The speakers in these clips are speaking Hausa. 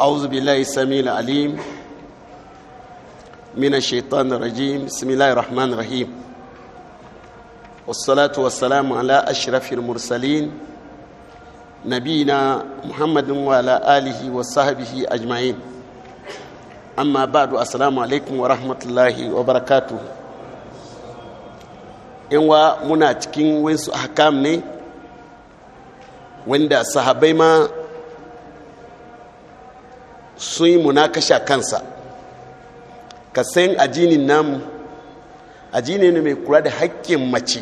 أعوذ بالله السميع العليم من الشيطان الرجيم بسم الله الرحمن الرحيم والصلاة والسلام على أشرف المرسلين نبينا محمد وعلى آله وصحبه أجمعين أما بعد السلام عليكم ورحمة الله وبركاته إنوا منا cikin wasu ahkam ne wanda sahabai ma sun yi munakasha kansa ka san ajinin namu ajini ne mai kula da haƙƙin mace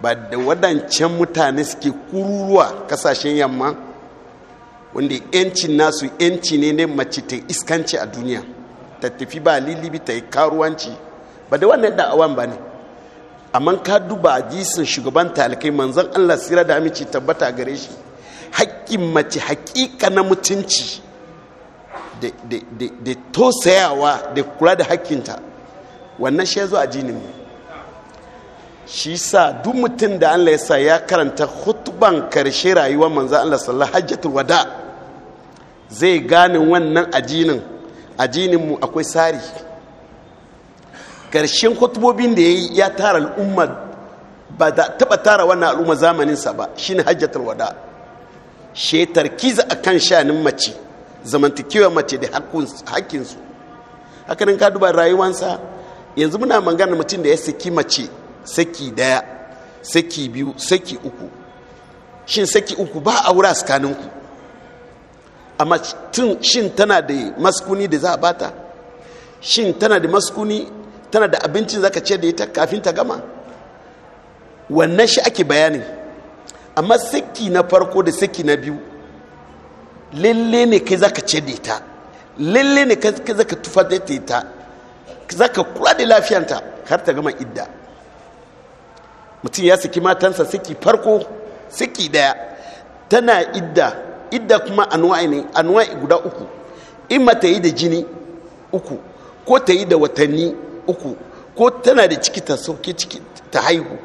ba da waɗancan mutane suke kururuwa kasashen yamma wanda yancin nasu yanci ne ne mace ta iskanci a duniya ta tafi ba lilibi ta yi karuwanci ba da wannan da'awan ba ne amma ka duba jisun shugaban talakai manzon allah sira da amince tabbata gare shi haƙƙin mace haƙiƙa na mutunci da tosayawa da kula da hakkinta wannan shi ya zo a jinin shi sa duk mutum da allah ya sa ya karanta hutuban karshe rayuwar manzan allah sallallahu hajjatul wada zai gane wannan ajinin mu akwai tsari karshen hutubobin da ya yi ya tara al'umma ba da taba tara wannan al'umma zamaninsa ba shine hajjatul wada shi tarkiza akan shanin mace zamantakewa mace da hakkinsu hakanin ka duba rayuwansa yanzu muna magana mutum da ya saki mace saki daya saki biyu saki uku shin saki uku ba a wura tsakaninku amma shin tana da maskuni da za a bata shin tana da maskuni tana da abincin zaka ce da ita kafin ta gama wannan shi ake bayanin amma saki na farko da saki na biyu lalle ne kai zaka ce da ita lalle ne kai zaka tufar da ita zaka kula da lafiyanta har ta gama idda mutum ya saki matansa saki farko saki daya tana idda idda kuma anwa'i ne anwa'i guda uku in ma ta yi da jini uku ko ta yi da watanni uku ko tana da ciki ta sauke ciki ta haihu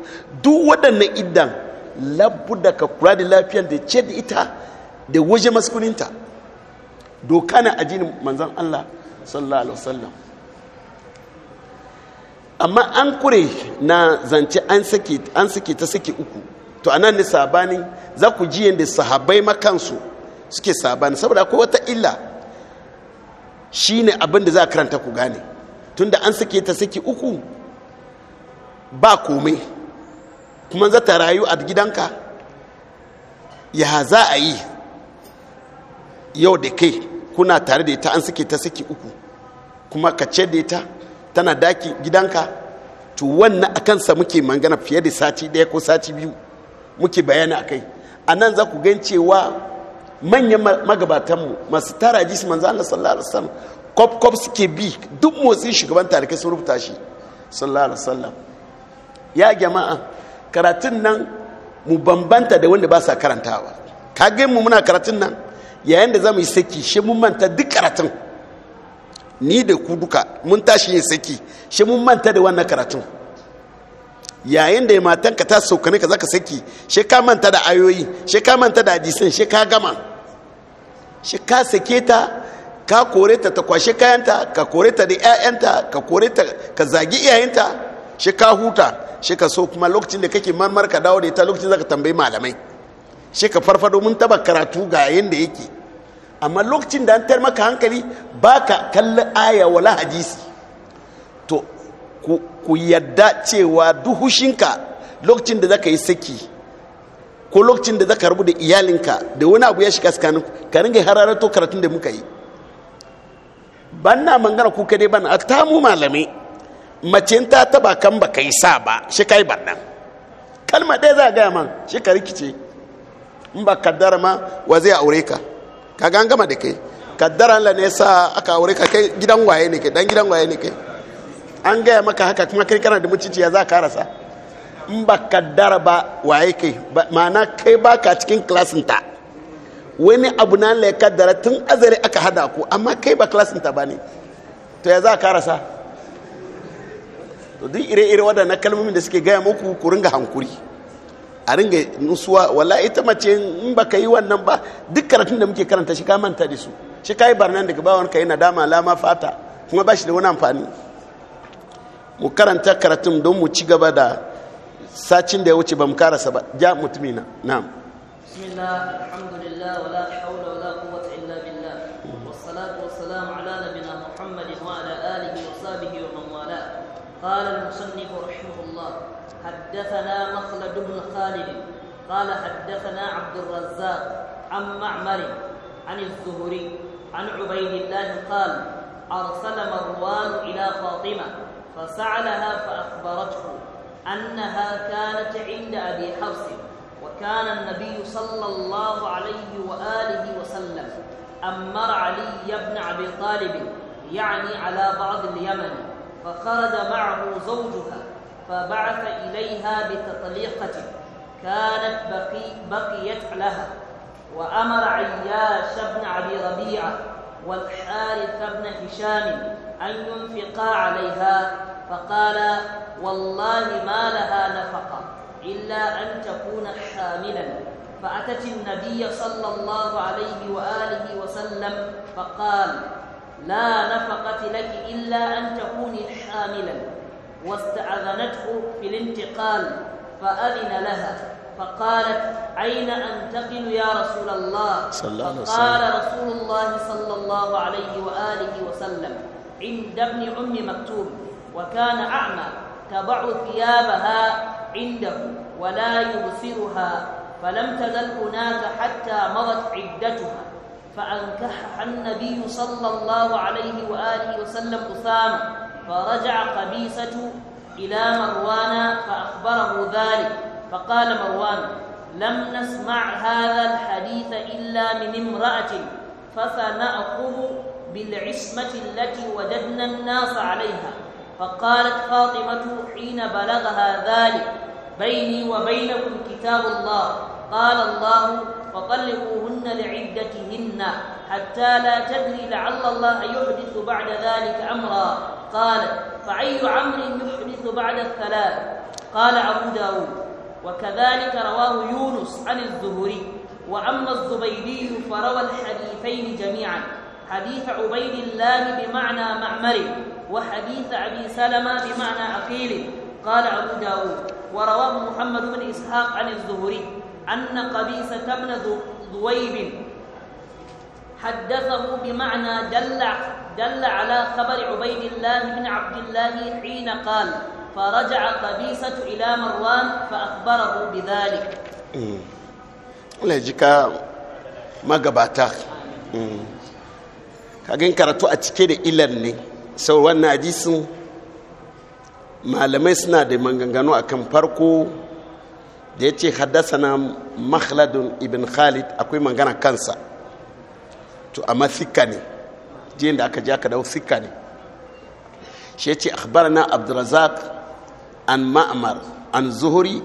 duk waɗannan iddan labu da ka kula da lafiyar da ce da ita da waje maskuninta doka na ajinin manzan Allah sallallahu alaihi wasallam amma an kure na zance an sake ta sake uku to anan ne sabani za ku ji yadda sahabai makansu suke sabani saboda ko wata illa shine abin da za a karanta ku gane tunda an sake ta sake uku ba komai kuma za ta rayu a gidanka ya za a yi yau da kai kuna tare da ita an suke ta saki uku kuma ka ce da ita tana daki gidanka to wannan a kansa muke mangana fiye da sati daya ko sati biyu muke bayani a kai a nan za ku gan cewa manyan magabatanmu masu tara jisi manzo Allah sallallahu alaihi wasallam kop kop suke bi duk motsin shugaban tarikai sun rubuta shi sallallahu alaihi wasallam ya jama'a karatun nan mu bambanta da wanda ba sa karantawa ka mu muna karatun nan yayin da za mu yi saki shi mun manta duk karatun ni da ku duka mun tashi yin saki shi mun manta da wannan karatun yayin da matanka ta sauka ne ka zaka saki shi ka manta da ayoyi shi ka manta da hadisin shi ka gama shi ka sake ta ka kore ta ta kwashe kayanta ka kore ta da 'ya'yanta ka kore ta ka zagi iyayenta shi ka huta shi ka so kuma lokacin da kake marmar ka dawo da ita lokacin zaka tambayi malamai shi ka farfado mun taba karatu ga yadda yake amma lokacin da an tar maka hankali ba ka kalli aya wala hadisi to ku yadda cewa duhushinka lokacin da ka yi saki ko lokacin da ka rabu da iyalinka da wani abu ya shiga tsakanin ka ringa hararato karatun da muka yi ban na mangana ku kadai ban a mu malamai mace ta taba kan ba kai sa ba shi kai kalma ɗaya za a gaya man shi ka rikice in ba kaddara ma wa zai aure ka ka an gama da kai kaddara la ne sa aka aure ka kai gidan waye ne kai dan gidan waye ne kai an gaya maka haka kuma kai kana da mutunci ya za ka rasa in ba kaddara ba waye kai ma'ana kai baka cikin klasin ta wani abu na la kaddara tun azare aka hada ku amma kai ba klasin ta bane to ya za ka rasa to duk ire-ire waɗannan kalmomin da suke gaya muku ku ringa hankuri a ringa nusuwa wala ita mace in ba ka yi wannan ba duk karatun da muke karanta shi ka manta da su shi ka yi barnan daga bawon ka yi nadama lama fata kuma ba shi da wani amfani mu karanta karatun don mu ci gaba da sacin da ya wuce ba mu karasa ba ja mutumina na'am قال المصنف حدثنا مخلد بن خالد قال حدثنا عبد الرزاق عن معمر عن الزهري عن عبيد الله قال أرسل مروان إلى فاطمة فسعلها فأخبرته أنها كانت عند أبي حفص وكان النبي صلى الله عليه وآله وسلم أمر علي بن أبي طالب يعني على بعض اليمن فخرج معه زوجها فبعث إليها بتطليقة كانت بقي بقيت لها وأمر عياش بن أبي ربيعة والحارث بن هشام أن ينفقا عليها فقال والله ما لها نفقة إلا أن تكون حاملا فأتت النبي صلى الله عليه وآله وسلم فقال لا نفقة لك إلا أن تكوني حاملا واستأذنته في الانتقال فأذن لها فقالت أين أنتقل يا رسول الله فقال رسول الله صلى الله عليه وآله وسلم عند ابن أم مكتوم وكان أعمى تضع ثيابها عنده ولا يبصرها فلم تزل هناك حتى مضت عدتها فأنكحها النبي صلى الله عليه وآله وسلم أسامة فرجع قبيسة إلى مروان فأخبره ذلك فقال مروان لم نسمع هذا الحديث إلا من امرأة فسنأخذ بالعصمة التي وجدنا الناس عليها فقالت فاطمة حين بلغها ذلك بيني وبينكم كتاب الله قال الله فطلقوهن لعدتهن حتى لا تدري لعل الله يحدث بعد ذلك أمرا قال فأي عمر يحدث بعد الثلاث قال أبو داود وكذلك رواه يونس عن الزهري وأما الزبيدي فروى الحديثين جميعا حديث عبيد الله بمعنى معمره وحديث أبي سلمة بمعنى عقيله قال أبو داود ورواه محمد بن إسحاق عن الزهري أن قبيسة بن ذويب حدثه بمعنى دل دل على خبر عبيد الله بن عبد الله حين قال فرجع قبيسة إلى مروان فأخبره بذلك Allah ya ji ka magabata kagin karatu a cike da ilar ne sau wannan hadisin malamai suna da maganganu a kan farko da ya ce haddasa na makhladun ibn khalid akwai magana kansa to amma sika ne jiyan da aka ja ka dawo sika ne shi ya ce na abdurazak an ma'amar an zuhuri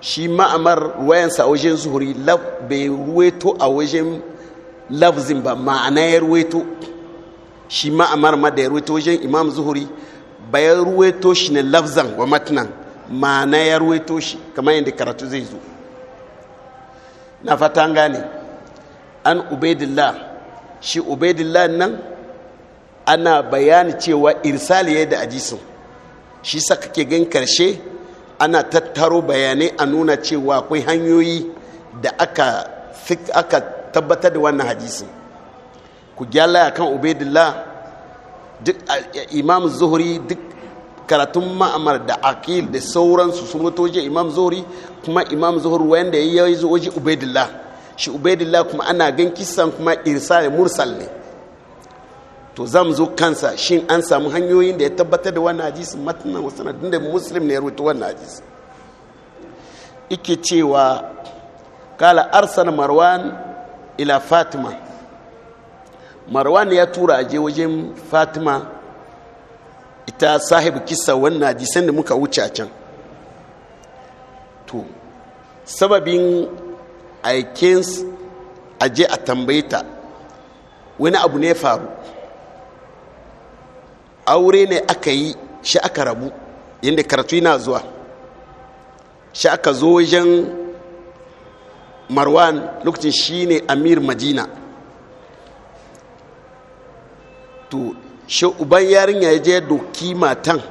shi ma'amar wayansa a wajen zuhuri bai ruweto a wajen lafzin ba ma'ana ya ruweto shi ma'amar ma da ya ruweto wajen imam zuhuri ba ya ruweto shi ne lafzan wa matnan ma'ana ya ruweto shi kamar yadda karatu zai zo na fata gane an ubaidillah shi ubaidillah nan ana bayani cewa irsali ya da ajisun shi saka ke gan karshe ana tattaro bayanai a nuna cewa akwai hanyoyi da aka aka tabbatar da wannan hadisi ku gyala kan ubaidillah duk imam zuhuri duk karatun ma'amar da akil da sauransu sun wajen imam zuhuri kuma imam zuhuri wanda ya yi waje ubaidillah shi ubaidillah kuma ana gan kisan kuma irsal mursal ne to zam zo kansa shin an samu hanyoyin da ya tabbatar da wannan hadisi matanan wasu sanadin da muslim ne ya rubuta wannan hadisi ike cewa kala arsan marwan ila fatima marwan ya tura aje wajen fatima ita sahibu kisa wannan hadisan da muka wuce a can to sababin aikins a je a tambaye ta wani abu ne faru aure ne aka yi shi aka rabu inda karatu yana zuwa shi aka zo wajen marwan lokacin shi ne amir majina to shi uban yarinya ya je doki matan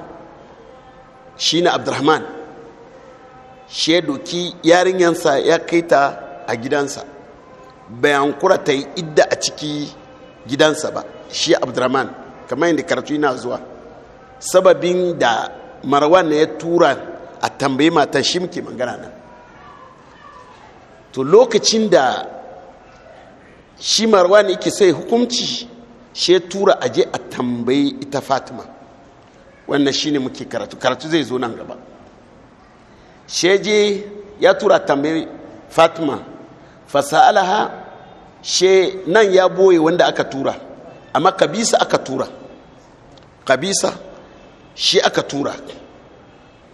shi ne abdurrahman shi ya doki yarinyansa ya kai ta a gidansa bayan kura ta yi idda a ciki gidansa ba shi abdurrahman kamar yadda karatu yana zuwa sababin da marwan ne ya tura a tambayi matan shi muke magana nan to lokacin da shi marwan yake sai hukunci shi ya tura a je a tambayi ita fatima wannan shi ne muke karatu karatu zai zo nan gaba shi ya tura tambayi fatima fasalaha she nan ya boye wanda aka tura amma kabisa aka tura kabisa shi aka tura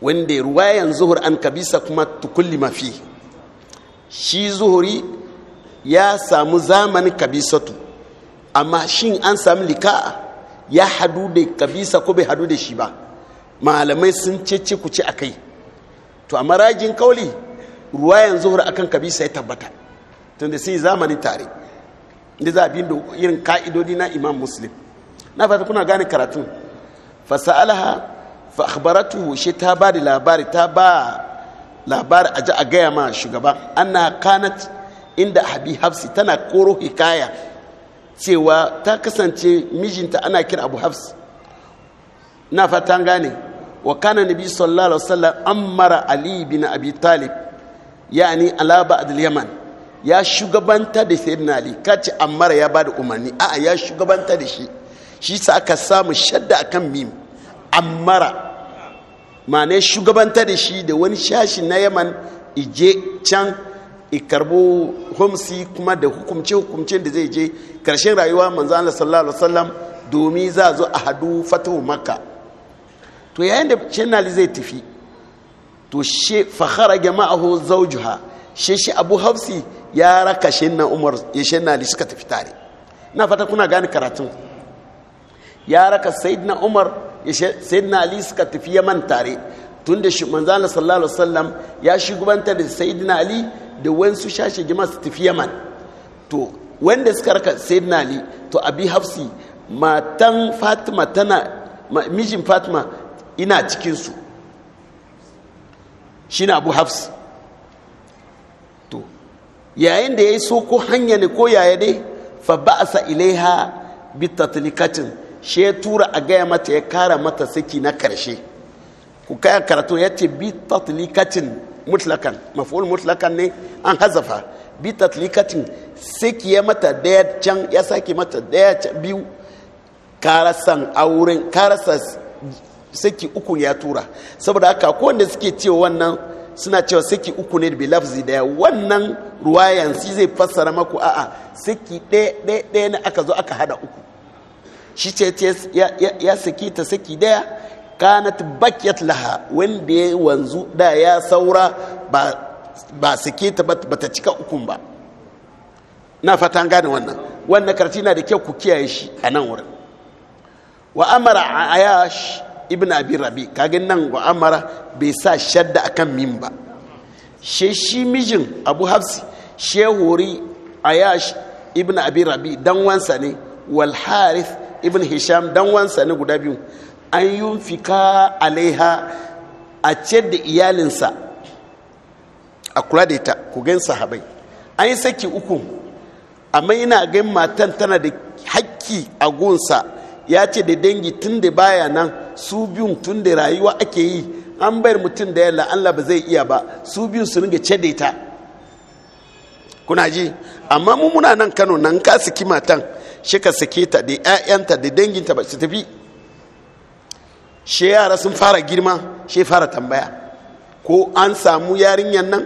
wanda ruwayan zuhur an kabisa kuma tukulli mafi shi zuhuri ya samu zamanin kabisatu amma shin an samu lika ya hadu da kabisa ko bai hadu da shi ba malamai sun cece kuce a kai to a marajin kauli ruwayan zuhur akan kabisa ya tabbata tunda sun yi zamani tare da za a da irin ka'idodi na imam muslim na fata kuna gane karatun fasa'alaha fa shi ta ba da labari ta ba labari a ji a gaya ma shugaba ana kanat inda habi hafsi tana koro hikaya cewa ta kasance mijinta ana kira abu hafs na fatan gane wa kana nabi sallallahu alaihi wasallam ammara ali bin abi talib yani ala ba'd al-yaman ya shugabanta da sayyidina ali kace ammar ya bada umarni a ya shugabanta da shi shi sa aka samu shadda akan mim ammara ne shugabanta da shi da wani shashi na yaman ije can ikarbo homsi kuma da hukumce hukumce da zai je karshen rayuwa manzo Allah sallallahu alaihi wasallam domin za zo a hadu fatahu maka to yayin da shenali zai tafi to she fakhara jama'ahu zawjuha she shi abu hafsi ya raka na umar ya na ali suka tafi tare na fata kuna gane karatun ya raka na umar ya na ali suka tafi yaman tare tun da shi da sallallahu alaihi wasallam ya shugabanta da na ali da wansu shashe jama'a su tafi yaman to wanda suka raka na ali to abi hafsi matan fatima tana mijin fatima ina cikinsu shi na abu hafsi yayin da ya yi so ko hanya ne ko yaya dai fa ba'asa ilaiha bi tatlikatin shi ya tura a gaya mata ya kara mata saki na karshe ku kaya karatu ya ce bi tatlikatin mutlakan mafi'ul mutlakan ne an hazafa bi tatlikatin saki ya mata daya can ya sake mata daya biyu karasan auren karasa saki uku ya tura saboda haka ko wanda suke cewa wannan suna cewa saki uku ne bi lafzi daya wannan ruwayan si zai fassara maku a'a saki ɗaya na aka zo aka hada uku shi ce ya saki ta saki daya kanat bakiyat laha wanda ya wanzu da ya saura ba saki ta ba cika ukun ba na fatan gane wannan wannan karti na da kyau ku kiyaye shi a nan wurin wa amara ayash ibn abi rabi kaga nan wa amara bai sa shadda akan min ba she shi mijin abu hafsi she hori ayash ibn abi rabi dan wansa ne wal harith ibn hisham dan wansa ne guda biyu an yunfika alaiha a ce da iyalinsa a kula da ita ku gan sahabai an yi saki uku amma yana gan matan tana da hakki a gunsa ya ce da dangi tun da baya nan su biyun tun da rayuwa ake yi an bayar mutum da yalla Allah ba zai iya ba su biyun su ringa cedeta kuna ji amma mu muna nan Kano nan ka saki matan shi ka sake ta da ƴaƴanta da danginta ba su tafi shi yara sun fara girma shi fara tambaya ko an samu yarinyan nan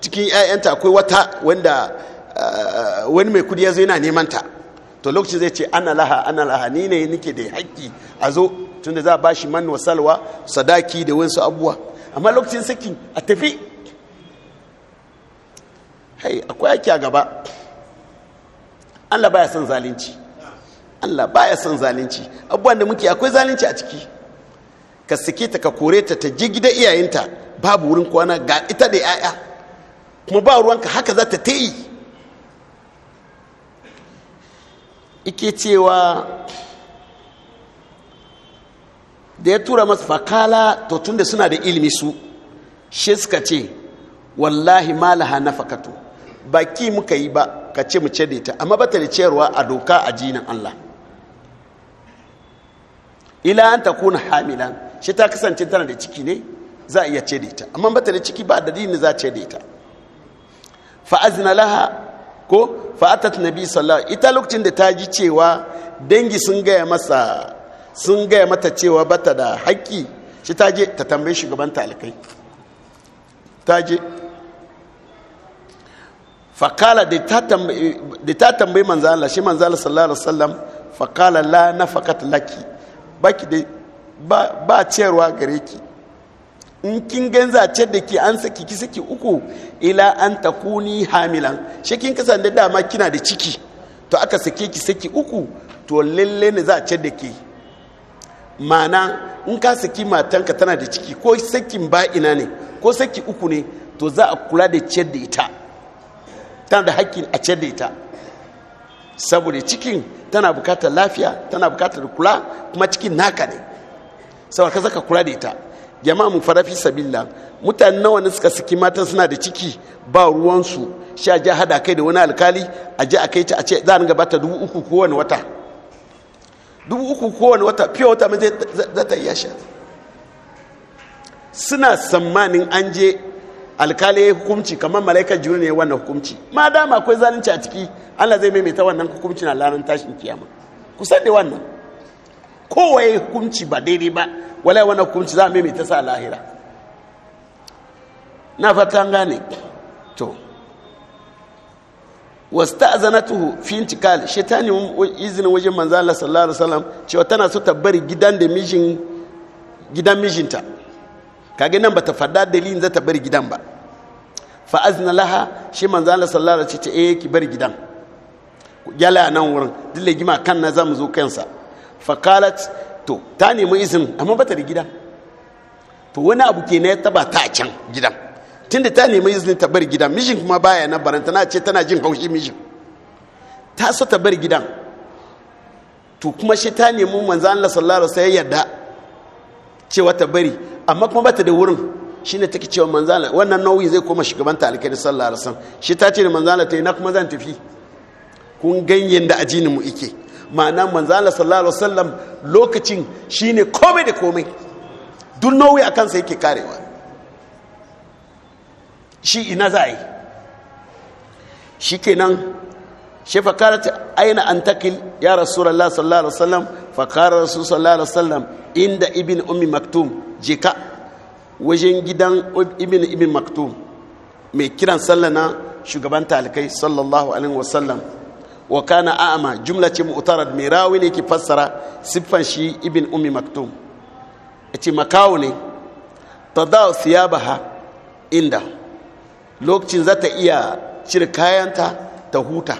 cikin ƴaƴanta akwai wata wanda eh, wani mai kudi ya zo yana neman ta to lokacin zai ce ana laha ana laha ni ne nake da haƙƙi a zo tunda za a shi man wasalwa sadaki da wasu abuwa amma lokacin sakin a tafi hai akwai ake a gaba allah baya son zalunci allah baya son zalunci abubuwan da muke akwai zalunci a ciki ka sike ta ka kore ta ta je gida iyayenta babu wurin kwana ga ita da 'ya'ya kuma ba ruwanka haka za ta ta yi ike cewa da ya tura masa fakala to tunda suna da ilimi su shi suka ce wallahi malaha na fakatu baki muka yi ba ka ce mu ce da ita amma ba ta da ciyarwa a doka a jinin Allah ila an ta kuna hamilan shi ta kasance tana da ciki ne za a iya ce da ita amma ba ta da ciki ba da dini za a ce da ita fa'azina laha ko na nabi sallallahu ita lokacin da ta ji cewa dangi sun gaya masa sun gaya mata cewa bata da haƙƙi shi ta je ta tambayi shugaban talikai ta je fakala da ta tambayi manzala shi manzala sallallahu alaihi wasallam fakala la na fakat laki baki dai ba ciyarwa gare ki in kin gan zace da ki an saki ki saki uku ila an takuni hamilan shi kin kasan da dama kina da ciki to aka sake ki saki uku to lalle ne za ce da ke mana in ka saki matanka tana da ciki ko sakin ba'ina ne ko saki uku ne to za a kula da ciyar da ita tana da hakkin a ciyar da ita saboda cikin tana bukatar lafiya tana bukatar kula kuma cikin naka ne saboda ka zaka kula da ita jama'a mu farafi sabilla mutane nawa ne suka saki matan suna da ciki ba ruwansu sha ja hada kai da wani alkali a je a kai ta a ce za a ringa bata dubu uku kowane wata dubu uku kowane wata fiye wata mai zai ta iya sha suna sammanin an je alkali ya hukumci kamar malaikar jiru ne wannan hukumci ma dama akwai zalunci a ciki allah zai maimaita wannan hukumci na lanar tashin kiyama kusa da wannan kowa ya hukumci ba daidai ba wala wannan hukumci za a maimaita sa lahira na fatan gane to zana tuhu fi intikal shaitani izini wajen manzo Allah sallallahu alaihi wasallam cewa tana so ta bari gidan da mijin gidan mijinta kage nan bata fada dalilin za ta bari gidan ba fa azna laha shi manzo Allah sallallahu alaihi wasallam ce eh ki bari gidan yala nan wurin dille gima kan na zamu zo kansa fa kala to ta nemi izin amma ta da gidan to wani abu ke kenan ya ba ta can gidan tunda ta nemi izinin ta bar gidan mijin kuma baya na baranta na ce tana jin haushi mijin ta so ta bar gidan to kuma shi ta nemi manzo Allah sallallahu alaihi wasallam yarda cewa ta bari amma kuma bata da wurin shine take cewa manzo Allah wannan nauyi zai koma shugaban ta alkhairi sallallahu alaihi wasallam shi ta ce da manzo Allah ta na kuma zan tafi kun ganyen da ajini mu ike ma'ana manzo Allah sallallahu alaihi wasallam lokacin shine komai da komai duk nauyi akan sa yake karewa shi ina za a yi shi kenan shi fakarata aina an takil ya rasulallah sallallahu alaihi wasallam fakarar rasu sallallahu alaihi wasallam inda ibn umi maktum jika wajen gidan ibin ibn maktum mai kiran sallana shugaban talikai sallallahu alaihi wasallam wa kana a'ama jumla ce mu'tarad mai rawi ne ke fassara siffan shi ibn ummi maktum ce makawu ne tadaw thiyabaha inda lokacin za ta iya cire kayanta ta huta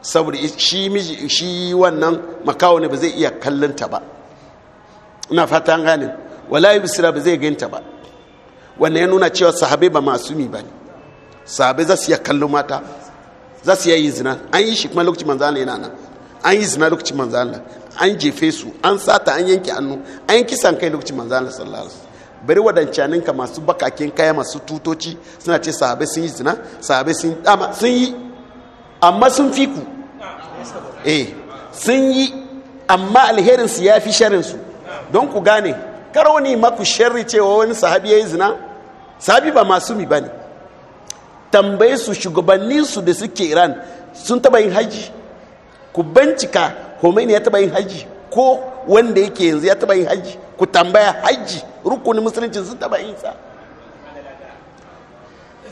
saboda shi wannan makawo ne ba zai iya kallonta ba ina fata an gane walayi bisira ba zai ganta ba wannan ya nuna cewa sahabe ba masu mi ba ne sahabe za su iya kallo mata za su iya yi zina an yi shi kuma lokacin manzana yana nan an yi zina lokacin manzana an jefe su an sata an yanke hannu an yi kisan kai lokacin manzana sallallahu alaihi bari wadancaninka masu bakakin kaya masu tutoci suna ce sahabai sun yi zina sahabai sun yi amma sun fi ku eh sun yi amma alherinsu ya fi sharinsu don ku gane karo ne maku sharri cewa wani sahabi ya yi zina sahabi ba masu mi ba ne tambaye su shugabanninsu da suke iran sun taba yin haji ku bincika homeni ya taba yin haji ko wanda yake yanzu ya taba yin haji ku tambaya haji rukunin musulunci sun taba yi sa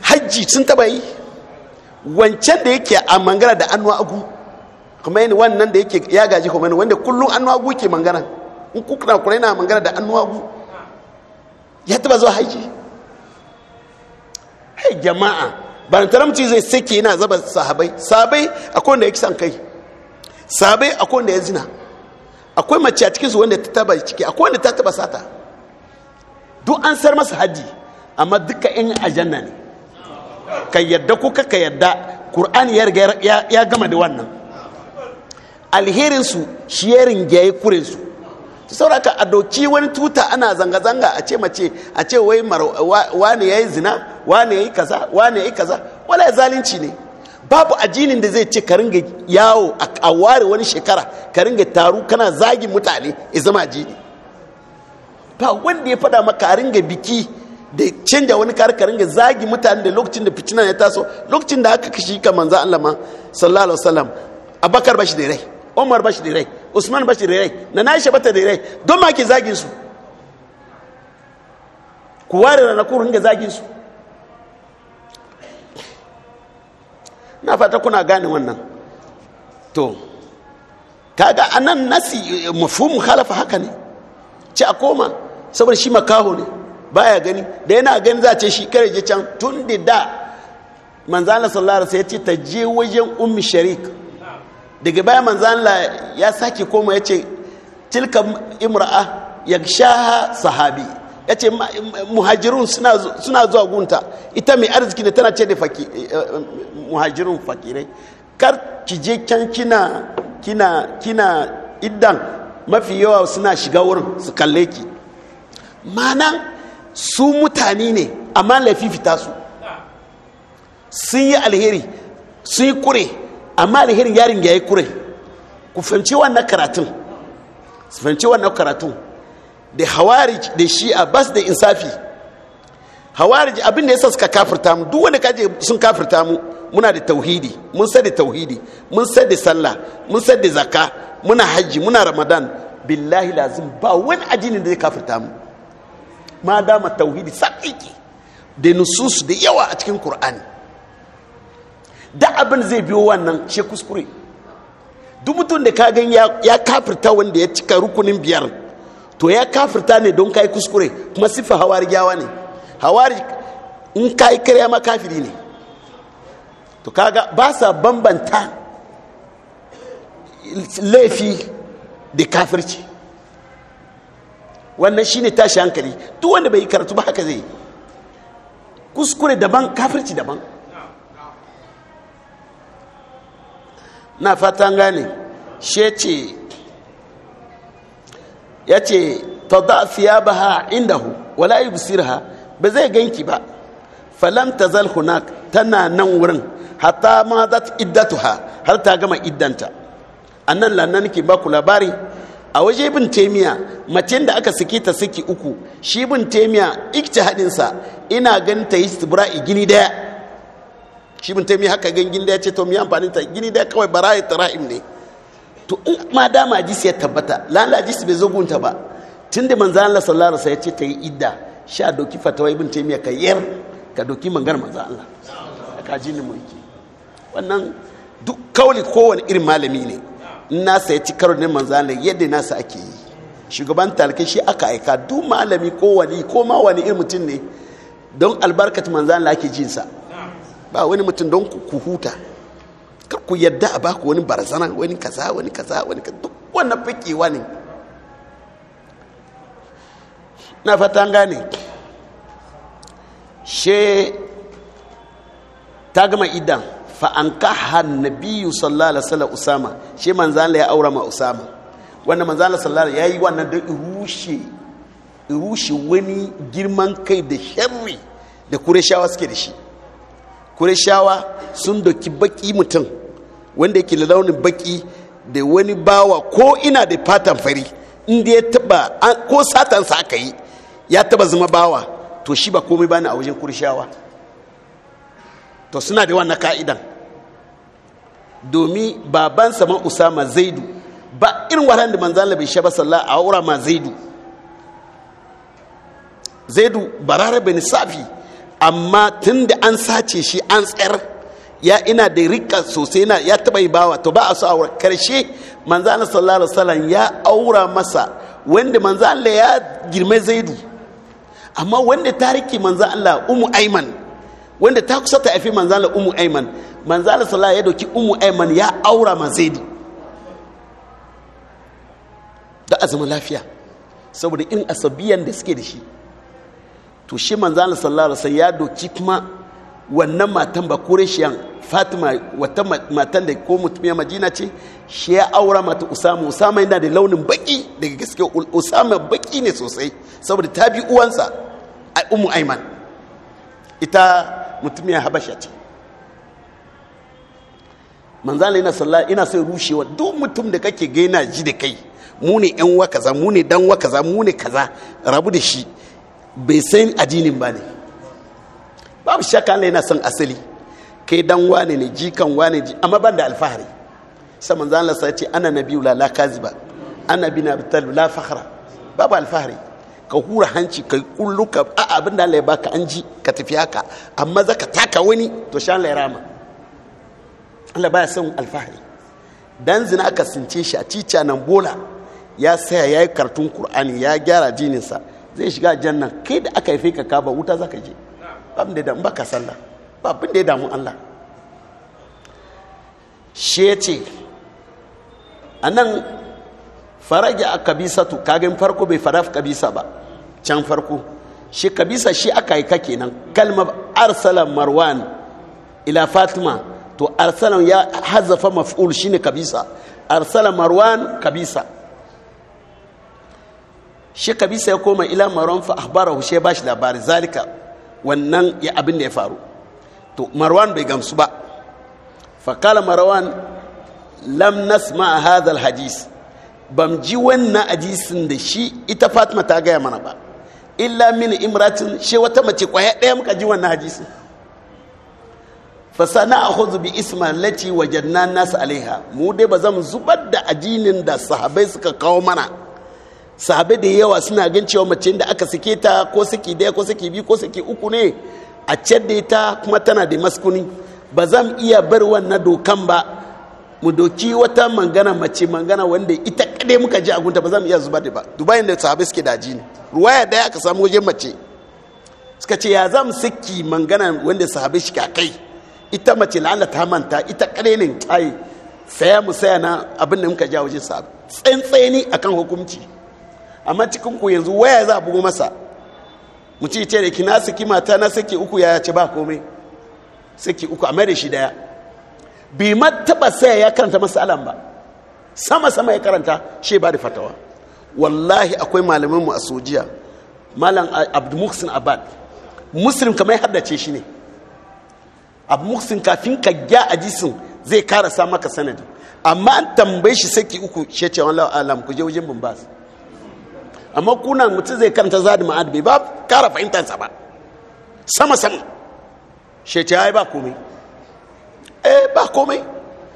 hajji sun taba yi wancan da yake a mangana da annuwa agu kuma yin wannan da yake ya gaji kuma wanda kullum annuwa agu ke mangana in kukuna kuna yana mangana da annuwa agu ya taba zuwa hajji hai jama'a barantaramci zai sake yana zaba sahabai sahabai akwai wanda ya kisan kai sahabai akwai wanda ya zina akwai mace a cikinsu wanda ta taba ciki akwai wanda ta taba sata duk an sar masa hajji amma duka in ajanna ne ka yadda kuka ka yadda qur'ani ya gama da wannan alherinsu shi ya ringaye kurensu su sauraka a doki wani tuta ana zanga-zanga a ce mace a ce wai wane ya yi zina wane ya yi kaza wane ya yi kaza wala ya zalunci ne babu ajinin da zai ce ka ringa yawo a ware wani shekara ka ringa taru kana zagin mutane ya zama ajini ba wanda ya fada maka a ringa biki da canja wani karkarin ringa zagi mutane da lokacin da fitina ya taso lokacin da aka kashi ka manzo Allah ma sallallahu alaihi wasallam abakar bashi da rai umar bashi da rai usman bashi da rai na aisha bata da rai don ma ke zagin su ku ware na ku ringa zagin su na fata kuna gane wannan to kaga anan nasi eh, mafhum khalafa haka ne ci a koma saboda shi makaho ne ba baya gani da yana gani za ce shi kare je can tun da da manzana sallara sai ya ce ta je wajen ummi sharik daga baya manzana ya sake koma ya ce tilka imra'a ya sha sahabi ya ce muhajirun suna zuwa gunta ita mai arziki da tana ce da eh, muhajirun fakirai kar ki je can kina kina idan mafi yawa suna shiga wurin su kalle ki mana su mutane ne amma fita su sun yi alheri sun yi kure amma alherin yarin ya yi kure ku fahimci wannan karatun su fahimci wannan karatun da shi da a bas da insafi hawari abin da yasa suka kafirta mu duk wanda kaje sun kafirta mu muna da tauhidi mun sa da tauhidi mun sa da sallah mun sa da zakka muna hajji muna ramadan billahi lazim ba wani addinin da zai kafirta mu ma dama tauhidi sadiki da nusus da yawa a cikin qur'ani da abin zai biyo wannan she kuskure duk mutum da ka gan ya kafirta wanda ya cika rukunin biyar to ya kafirta ne don kai kuskure kuma sifa hawari gyawa ne hawari in kai karya ma kafiri ne to kaga ba sa bambanta laifi da kafirci wannan shine tashi hankali duk wanda bai karatu ba haka zai kuskure daban kafirci daban na fatan gane she ce ya ce ha inda hu wala ha ba zai ganki ba falam tazal hunak tana nan wurin hata ma iddatu ha har ta gama iddanta annan lannan ke ba ku labari a waje bin taimiya macen da aka saki ta saki uku shi bin taimiya hadinsa ina gan ta istibra'i gini daya shi bin taimiya haka gan gini daya ce to mu amfani ta gini daya kawai ya tara ne to in ma dama jisi ya tabbata lalla jisi bai zogunta ba ba da manzo Allah sallallahu alaihi wasallam ya ce ta yi idda sha doki fatawa ibn taimiya ka yar ka doki mangar manzo Allah ka ji ni mu yake wannan duk kauli kowane irin malami ne nasa ya ci karo ne manzana yadda nasa ake yi shugaban talke shi aka aika duk malami ko wani ko ma wani irin mutum ne don albarkat manzana ake jinsa ba wani mutum don ku huta kar ku yadda a baku wani barzana wani kaza wani kaza wani kaza duk wannan fake wani na fata gane she ta gama idan fa an biyu sallala sallar usama shi manzana ya aura ma usama wanda manzana sallala ya yi wannan da rushe wani girman kai da sharri da kureshawa suke da shi kureshawa sun doki baki mutum wanda yake launin baki da wani bawa ko ina da fatan fari inda ya taba ko satansa aka yi ya taba zama bawa to shi ba komai bani a wajen kurshawa to suna da wannan ka'idan domin babansa ma usama zaidu ba irin wahalar da manzan bai sha ba sallah a wura ma zaidu zaidu barara bin safi amma tun da an sace shi an tsayar ya ina da rika sosai na ya taba yi bawa to ba a so wura karshe manzan Allah da alaihi ya aura masa wanda manzan la ya girme Zaidu amma wanda ta rike manzo Allah umu Aiman wanda ta kusa ta haifi manzala umu aiman manzala sallah ya doki umu aiman ya aura ma zaidu da azumin lafiya saboda in asabiyan da suke da shi to shi manzala sallah sai ya doki kuma wannan matan ba kureshiyan fatima wata matan da ko mutumiyar majina ce shi ya aura mata usama usama yana da launin baki daga gaske usama baki ne sosai saboda ta bi uwansa a umu aiman ita mutumin habasha ce manzala yana sallah ina son rushewa duk mutum da kake gaina ji da kai mu ne yan wa kaza mu ne dan wa kaza mu ne kaza rabu da shi bai san addinin ba ne babu shakka Allah yana son asali kai dan wane ne ji wa wane ji amma ban da alfahari sai manzala sai ce ana nabiyu la kaziba ana na bitalu la fakhra babu alfahari ka hura hanci ka kullu ka a abin da Allah ya baka an ji ka tafi haka amma zaka taka wani to shan Allah ya rama Allah baya son alfahari dan zina aka since shi a cica nan bola ya saya yayi kartun Kur'ani ya gyara jininsa zai shiga janna kai da aka haife ka kaba wuta zaka je ba da damu baka sallah ba abin da ya damu Allah shi ya ce nan. farage a kabisa tu kagin farko bai fara kabisa ba can farko shi kabisa shi aka yi kake nan kalma arsala marwan ila fatima to arsala ya hazafa maf'ul shine kabisa arsala marwan kabisa shi kabisa ya koma ila marwan fa akhbarahu shi bashi labari zalika wannan ya abin da ya faru to marwan bai gamsu ba fa kala marwan lam nasma hadha al hadith bam ji wannan ajisin da shi ita fatima ta gaya mana ba illa mini imratin she wata mace kwaya daya muka ji wannan hadisin fasana a hudu bi isma lati wajanna nasu alaiha mu dai ba zan zubar da ajinin da sahabai suka kawo mana sahabai da yawa suna gan cewa mace da aka sike ta ko siki daya ko siki biyu ko siki uku ne a cadde ta kuma tana da maskuni ba zan iya bar wannan dokan ba mu doki wata mangana mace mangana wanda ita kadai muka ji a gunta ba za mu iya zuba da ba dubai da sahabai suke daji ne ruwaya daya aka samu wajen mace suka ce ya zam saki mangana wanda sahabai shi kai ita mace laala ta manta ita kadai ne ai saya mu saya na abin da muka ji a wajen sahabai tsantsani akan hukunci amma cikin ku yanzu waya za a bugo masa mu ce ce da ki na saki mata na saki uku ya ce ba komai saki uku a da shi daya bi mataba sai ya karanta masalan ba sama sama ya karanta shi ba da fatawa wallahi akwai malamin mu a sojiya malam abdulmuksin abad muslim kamar ya haddace shi ne abdulmuksin kafin ka gya a jisun zai sa maka sanadi amma an tambaye shi saki uku shi ce wani alam ku je wajen bumbas amma kuna mutum zai karanta zadi ma'ad bai ba kara fahimtansa ba sama sama shi ce yi ba komai eh ba komai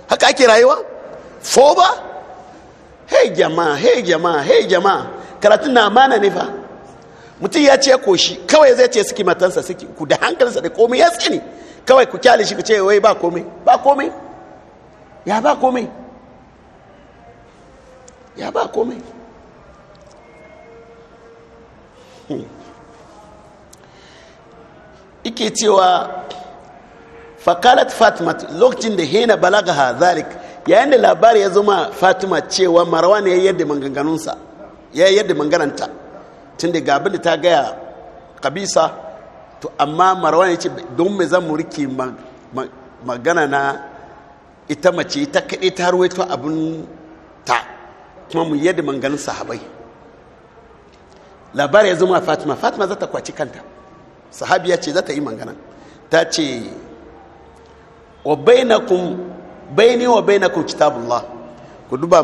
haka ake rayuwa fo ba hey jama'a hey jama'a hey jama'a karatun na mana ne fa mutum ya ce koshi kawai zai ce suke matansa suke ku da hankalinsa da komai ya tsini kawai ku kyale shi ku ce wai ba komai ba komai ya ba komai ya ba komai hmm. ike cewa fakalat fatima lokacin da hena balagaha zalik yayin da labari ya zama fatima cewa marwan ya yadda manganganunsa ya yadda mangananta tun da ga da ta gaya kabisa to amma marwan ya ce don me zan murki magana na ita mace ita kaɗai ta ruwaito abin ta kuma mu yadda manganin sahabai labari ya zama fatima fatima za ta kwaci kanta sahabiya ce za ta yi manganan ta ce wa bainakum baini wa bainakum kitabullah ku duba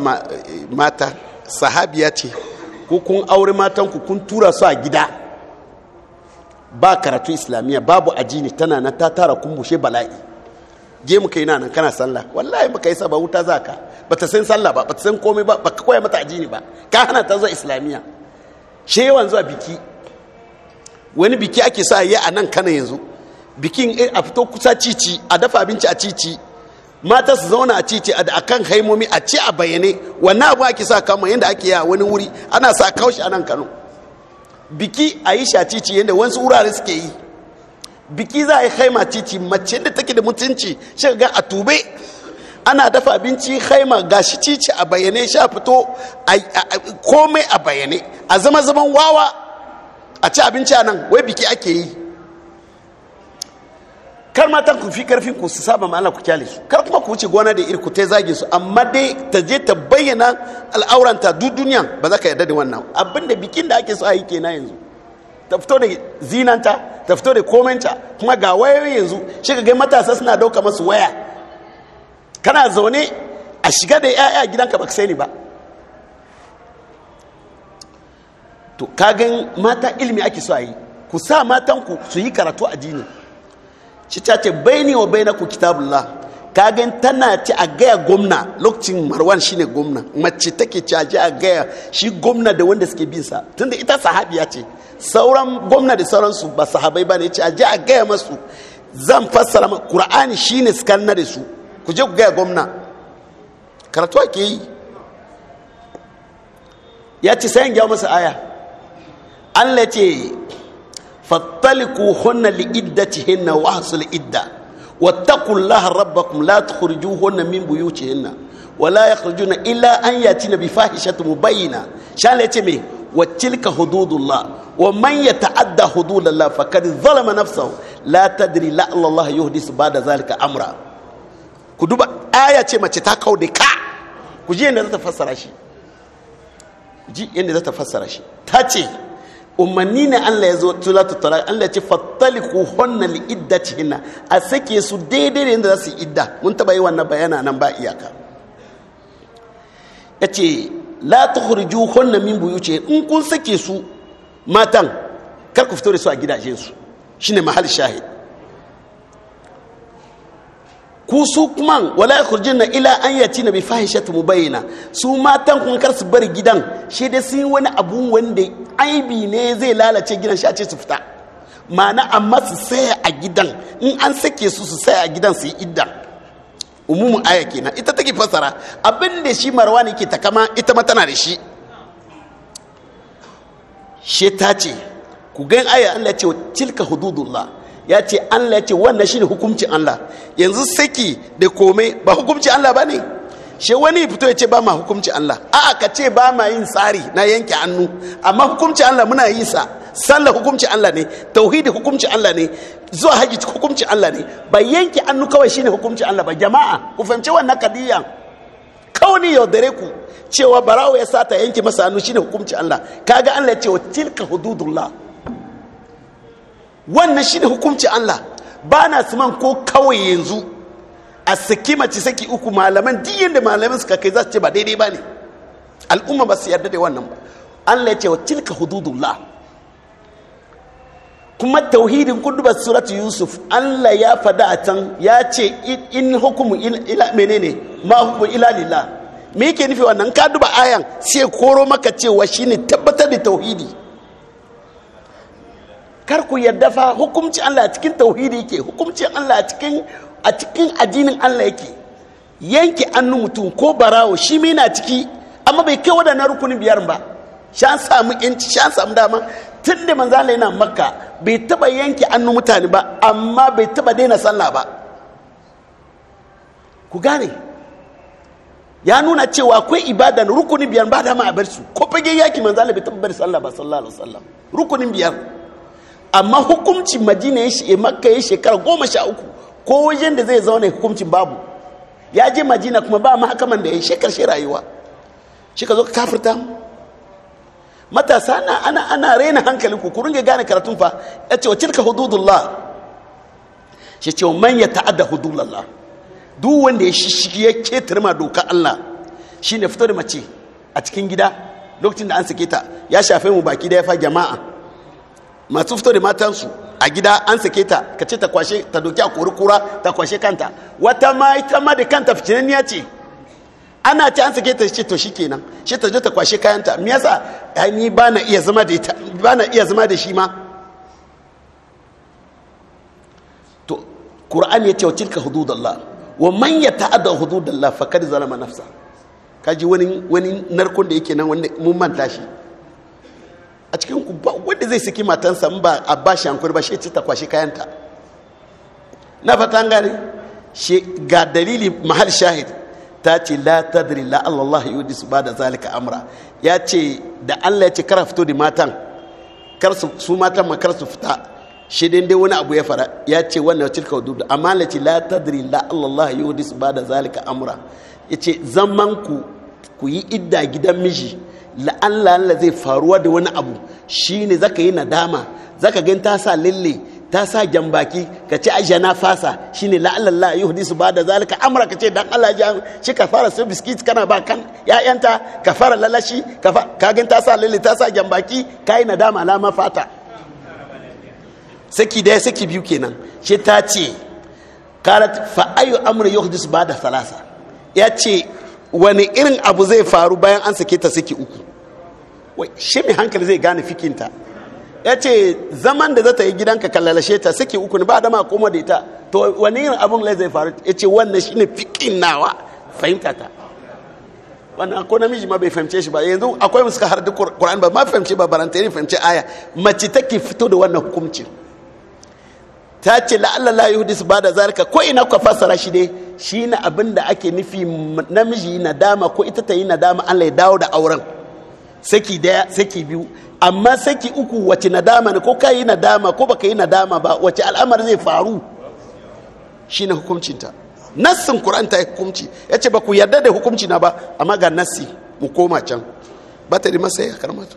mata sahabiya ce ku kun aure matan ku kun tura su a gida ba karatu islamiyya babu ajini tana na ta tara kun bushe bala'i je mu kai nan kana sallah wallahi baka yi ba wuta zaka ta san sallah ba ba ta san komai ba baka koya mata ajini ba ka hana ta zuwa islamiyya she yawan zuwa biki wani biki ake sa yi a nan kana yanzu bikin a fito kusa cici a dafa abinci a cici mata su zauna a cici a kan haimomi a ci a bayyane wani abu ake sa kama yadda ake yi a wani wuri ana sa kaushi a nan kano biki a yi sha cici yadda wasu wurare suke yi biki za a yi haima cici mace da take da mutunci shi ga a tube ana dafa abinci haima gashi cici a bayyane sha fito komai a bayyane a zama zaman wawa a ci abinci a nan wai biki ake yi kar matan ku fi karfin ku su saba ma Allah ku kyale su kar kuma ku wuce gona da iri ku ta zage su amma dai ta je ta bayyana al'auranta duk duniya ba za ka yarda da wannan abinda bikin da ake so a yi kenan yanzu ta fito da zinanta ta fito da komenta kuma ga wayoyi yanzu shi ga matasa suna dauka masu waya kana zaune a shiga da yaya gidanka ka sani ba to kagan mata ilimi ake so a yi ku sa matanku su yi karatu a shi ta ce baini wa na ku kitabullah kagan tana ci a gaya gwamna lokacin marwan shine gwamna mace take ci a a gaya shi gwamna da wanda suke bin sa tunda ita sahabiya ce sauran gwamna da sauransu ba sahabai ba ne ci a a gaya masu zan fassara ma qur'ani shine skanna da su ku je ku gaya gwamna karatu ake yi ya ce sayan gyawa masa aya Allah ce fattaliku hunna li iddatihinna wa hasul idda wattaqullaha rabbakum la tukhrijuhunna min buyutihinna wala yakhrujuna illa an na bi fahishatin mu shale ce me wa tilka hududullah wa man yata'adda hududallah faqad zalama nafsahu la tadri la Allah yuhdisu ba'da zalika amra ku duba aya ce mace ta kaude ka ku ji yadda za ta fassara ji yadda za ta fassara ta ce umarni ne Allah ya zo tulatu tara Allah ya ce fattali ku honna li idda cihinna a sake su daidai da yadda za su idda mun taba yi wannan bayana nan ba iyaka ya ce la tukhruju honna min ce in kun sake su matan kar ku fito da su a gidajen su shine mahal shahid ku su kuma wala na ila an yaci na bi mu mubayyana su matan kun kar su bari gidan shi dai sun wani abu wanda aibi ne zai lalace gidan shi a ce su fita ma'ana amma su saya a gidan in an sake su su saya a gidan su yi idda umumu aya kenan ita take fassara abin da shi marwa ne ke takama ita ma tana da shi shi ta ce ku gan aya Allah ce tilka hududullah ya ce Allah ya ce wannan shine an Allah yanzu saki da komai ba an Allah ba ne she wani fito ya ce ba ma an Allah a'a ka ce ba ma yin tsari na yanke hannu amma an Allah muna yi sa sallah an Allah ne tauhidi an Allah ne zuwa haji an Allah ne ba yanke hannu kawai shine an Allah ba jama'a ku fahimci wannan kadiya kauni yaudare ku cewa barawo ya sata yanke masa hannu shine an Allah kaga Allah ya ce wa tilka hududullah wannan shi ne hukunci Allah ba na siman ko kawai yanzu a saki mace saki uku malaman duk yadda malaman suka kai za su ce ba daidai ba ne al'umma ba su yarda da wannan ba Allah ya ce wa tilka hududullah kuma tauhidin kudubar suratu yusuf Allah ya fada a can ya ce in hukumu ila menene ma hukumu ila lillah me yake nufi wannan ka duba ayan sai koro maka cewa shine tabbatar da tauhidi kar ku yadda fa hukumci Allah a cikin tauhidi yake hukumci Allah a cikin a cikin addinin Allah yake yanke annu mutum ko barawo shi mai na ciki amma bai kai wadannan rukunin biyar ba shan samu inci shan samu dama tun da manzo Allah yana makka bai taba yanke annu mutane ba amma bai taba daina sallah ba ku gane ya nuna cewa akwai ibada rukunin biyar ba dama a bar su ko fage yaki manzo Allah bai taba bar sallah ba sallallahu alaihi wasallam rukunin biyar amma hukuncin madina ya eh, makka ya shekara goma sha uku ko wajen da zai zauna hukuncin babu ya je madina kuma ba mahakaman da ya shekar shi rayuwa shi ka zo ka kafirta matasa na ana ana raina hankali ku kurin ga gane karatun fa ya ce wa tilka hududullah shi ce man ya ta'adda hududullah duk wanda ya shishigi ya ketare ma doka Allah shine fito da mace a cikin gida lokacin da an sake ta ya shafe mu baki da ya fa jama'a masu fito da matansu a gida an sake ta ka ce ta kwashe ta doki a kori kura ta kwashe kanta wata ma ita ma da kanta fitinanniya ce ana ce an sake ta ce to shi kenan shi ta je ta kwashe kayanta me yasa ni ba na iya zama da ita ba na iya zama da shi ma to qur'ani ya ce wa tilka hududullah wa man yata'adda hududullah faqad zalama nafsa kaji wani wani narkon da yake nan wanda mun manta shi a cikin ku ba wanda zai saki matansa in ba a ba shi hankuri ba shi ci ta kwashi kayanta na fata gane shi ga dalili mahal shahid ta ce la tadri la Allah su ba da zalika amra ya ce da Allah ya ce kara fito da matan kar su matan ma kar su fita shi dai wani abu ya fara ya ce wannan ya cika dubu amma la ce la tadri la Allah yudis ba da zalika amra ya ce zaman ku ku yi idda gidan miji la'alla zai faruwa da wani abu shi za zaka yi nadama zaka gan ta sa lalle ta sa jambaki ka ce a jana fasa ne la'alla Allah ya hudisu ba da zalika amra ka ce dan Allah ya shi ka fara su biskit kana ba kan ya'yanta ka fara lalashi ka gan ta sa lalle ta sa jambaki yi nadama la ma fata saki daya saki biyu kenan shi ta ce karat fa ayu amri yuhdis ba da salasa ya ce wani irin abu zai faru bayan an sake ta saki uku shi mai hankali zai gane fikinta ya ce zaman da za ta yi gidanka kallalashe ta saki uku ne ba da ma koma da ita to wani irin abin lai zai faru ya ce wannan shine fikin nawa fahimta ta wannan ko namiji ma bai fahimce shi ba yanzu akwai musu har duk Qur'an ba ma fahimce ba baranta yin fahimce aya mace take fito da wannan hukuncin ta ce la'alla la yuhdis ba da zarka ko ina ka fassara shi dai shine abin da ake nufi namiji na dama ko ita ta yi dama Allah ya dawo da auren saki daya saki biyu amma saki uku wace nadama ne ko ka yi nadama ko baka yi nadama ba wace al'amar zai faru shi shine hukuncinta nassin qur'an ta hukunci ce ba ku yarda da hukunci na ba amma ga nassi mu koma can ba ta da masai karmatu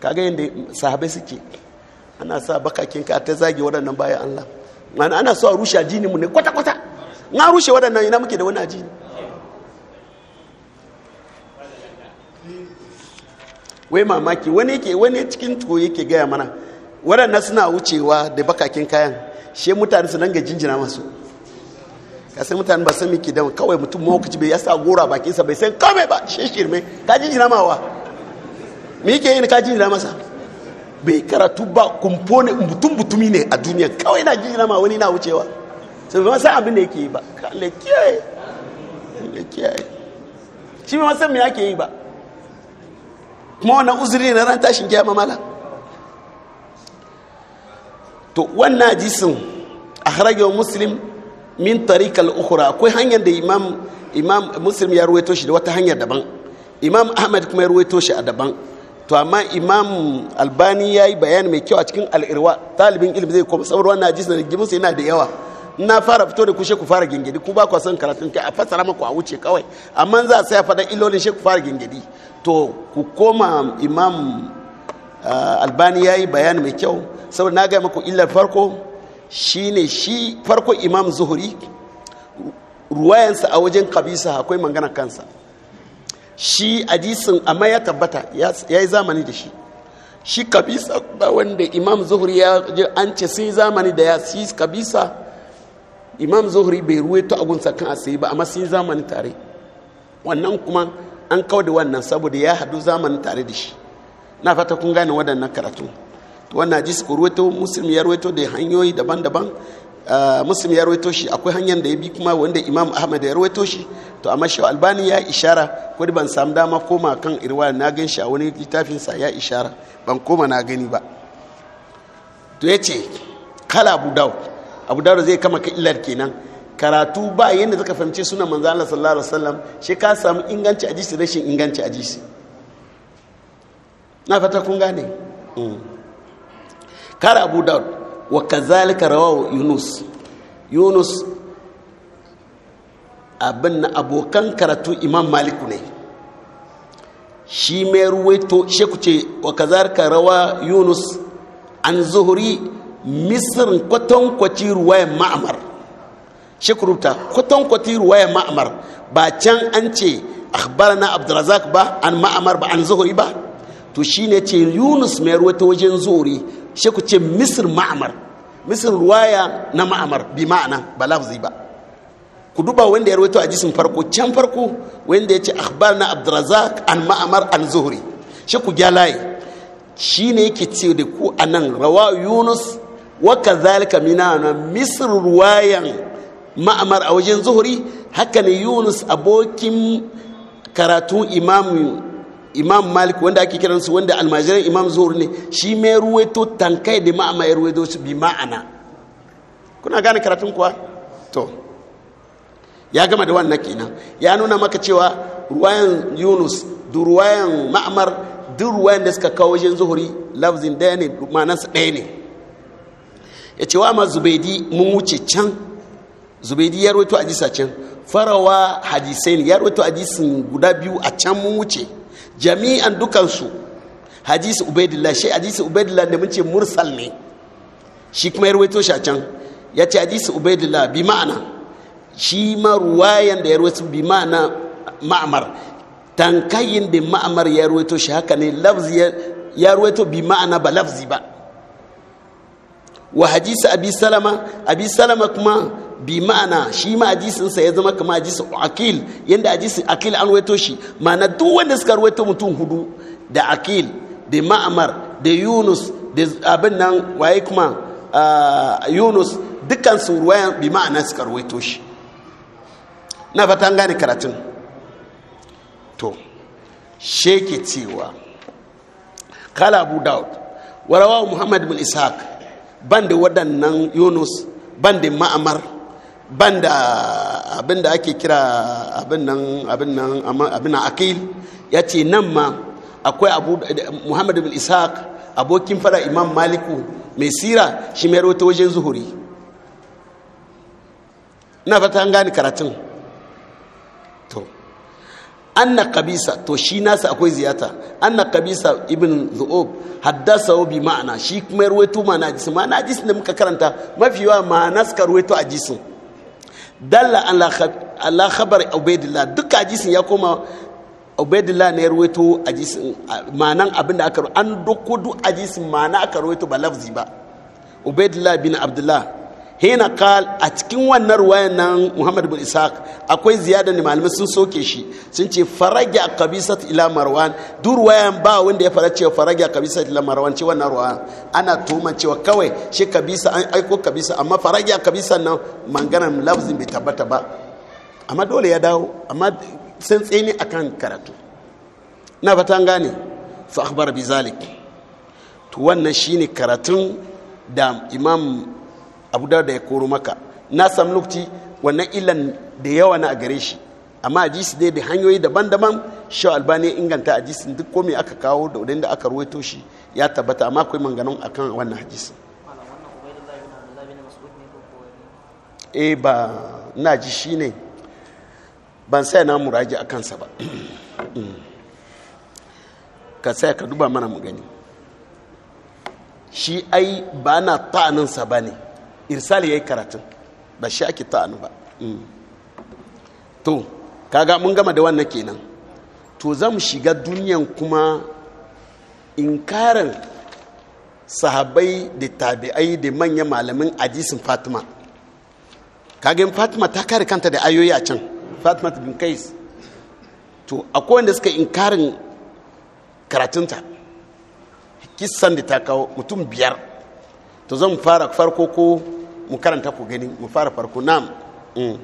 kaga yadda sahabai suke ana sa bakakin ka ta zage waɗannan bayan Allah ana so a rushe ajini mu ne kwata kwata na rushe waɗannan ina muke da wani ajini wai mamaki wani yake wani cikin tuko yake gaya mana waɗannan suna wucewa da bakakin kayan shi mutane su danga jinjina masu ka sai mutane ba san miki dama kawai mutum mawakaci bai yasa gora bakin sa bai san kame ba shi shirme ka jinjina mawa me yake yin ka jinjina masa bai karatu ba kumfone mutum mutumi ne a duniya kawai na jinjina ma wani na wucewa sai ba san abin da yake yi ba kalle kiyaye kalle kiyaye shi bai san me yake yi ba kuma wannan uzuri na ran tashin kiyama mala to wannan hadisin akhrajahu muslim min tariq al-ukhra akwai hanyar da imam imam muslim ya ruwaito shi da wata hanyar daban imam ahmad kuma ya ruwaito shi a daban to amma imam albani ya yi bayani mai kyau a cikin al'irwa talibin ilimi zai kuma sauran na jisun da gimusa yana da yawa na fara fito da kushe ku fara gingidi ku ba ku san karatun kai a fasara maku a wuce kawai amma za a faɗa fada ilolin ku fara gingidi to ku koma imam ah, albani ya yi bayani mai kyau saboda na gaya maku illar farko shine shi farko imam zuhuri ruwayansa a wajen kabisa akwai magana kansa shi hadisin amma ya tabbata ya yi zamani da shi shi kabisa ba wanda imam zuhri ya an ce sai zamani da ya si kabisa imam zuhri bai ruwaito agunsa kan asiri ba amma sun yi zamani tare wannan kuma an kawo da wannan saboda ya hadu zamani tare da shi na fata kun gane waɗannan karatu wannan hadisi ku ruwaito muslim ya ruwaito da hanyoyi daban-daban ah, muslim ya ruwaito shi akwai hanyar da ya bi kuma wanda imam ahmad ya ruwaito shi to amma shi albani ya ishara ko ban samu dama koma kan irwa na gan shi a wani littafin sa ya ishara ban koma na gani ba to yace kala budau abu daura zai kama ka illar kenan karatu ba yadda zaka fahimci suna manzo Allah sallallahu alaihi wasallam shi ka samu inganci hadisi rashin inganci hadisi na fata kun gane mm. kara abu daud wa kazalika rawahu yunus yunus abin na abokan karatu imam malik ne shi mai ruwaito shi ku ce wa kazalika rawa yunus an zuhuri misir kwaci ruwayan ma'amar shi rubuta kwaci ruwayan ma'amar ba can an ce na abdulrazak ba an ma'amar ba an zuhuri ba to ne ce yunus mai ruwa ta wajen zuhuri shi ku ce misir ma'amar misir ruwaya na ma'amar bi ma'ana ba lafzi ba ku duba wanda ya rawaito a jisun farko can farko wanda ya ce na abdulrazak an ma'amar an zuhuri shi ku gyalaye shi ne yake ce da ku a nan rawa yunus zalika minana مصر ruwayan ma'amar a wajen zuhuri haka ne yunus abokin karatu imam imam malik wanda ake kiransu wanda almajiran imam zuhuri ne shi mai ruwaito tankai da ma'ama ya ruwaito su bi ma'ana kuna gane karatun kuwa to ya gama da wannan kenan ya nuna maka cewa ruwayan yunus da ruwayan ma'amar duk ruwayan da suka kawo wajen zuhuri lafzin ɗaya ne ma'anarsa ɗaya ne ya ce wa ma zubaidi mun wuce can zubaidi ya roto hadisa can farawa hadisai ya roto hadisin guda biyu a can mun wuce jami'an dukansu hadisi ubaidillah shi hadisi ubaidillah da mun ce mursal ne shi kuma ya roto shi a can ya ce hadisi ubaidillah bi ma'ana shi ma ruwayan da ya roto bi ma'ana ma'amar tankayin da ma'amar ya roto shi haka ne lafzi ya roto bi ma'ana ba lafzi ba wa hadisi abi salama abi salama kuma bi ma'ana shi ma hadisinsa ya zama kama hadisi akil yanda hadisi akil an waito shi ma'ana duk wanda suka waito mutum hudu da akil da ma'amar da yunus da abin nan waye kuma yunus dukkan su ruwayan bi ma'ana suka waito shi na fatan gane karatun to sheke cewa kala abu daud warawa muhammad bin ishaq ban da waɗannan yunus ban da ma'amar ban da ah, abin da ake kira abin nan abin akil ya ce nan ma akwai abu Muhammadu bin ishaq abokin fara imam maliku mai sira shi mai rota wajen zuhuri ina fata an gane karatun anna kabisa to shi nasa akwai ziyata anna kabisa ibn zu'ub haddasa bi ma'ana shi kuma ruwaito ma'ana jisu ma'ana jisu da muka karanta mafi yawa ma'ana suka ruwaito a jisu dalla ala khabar ubaidillah duka jisu ya koma ubaidillah ne ruwaito a jisu ma'anan abinda aka an doko duk a jisu ma'ana aka ruwaito ba lafzi ba ubaidillah bin abdullah hina kal a cikin wannan ruwayan nan muhammad bin ishaq akwai ziyada ne malamai sun soke shi sun ce farage a kabisat ila marwan duk wayan ba wanda ya fara cewa farage a kabisat ila marwan ce wannan ruwa ana tuma cewa kawai shi kabisa an aiko kabisa amma farage a kabisan nan manganan lafzin bai tabbata ba amma dole ya dawo amma sun tsini akan karatu na fatan gane fa akhbar bi zalik to wannan shine karatun da imam abu da ya koro maka na samu lokaci wannan ilan da yawa na a gare shi amma hadisi dai da hanyoyi daban-daban shi albani inganta hadisin duk komai aka kawo da wadanda aka ruwaito shi ya tabbata amma akwai manganon akan wannan hadisi e ba na ji shi ne ban sai na muraji a kansa ba ka sai ka duba mana mu gani shi ai ba na ta'aninsa ba ne irsali ya yi karatun ba shi ake ta ba mm. to kaga mun gama da wannan kenan to za mu shiga duniyan kuma inkarin sahabai da tabi'ai da manya malamin ajisun fatima kaga fatima ta kare kanta da ayoyi a can fatima bin kais to akwai wanda suka inkarin karatunta kisan da ta kawo mutum biyar to zan fara farko ko mu karanta ku gani mu fara farko nam mm.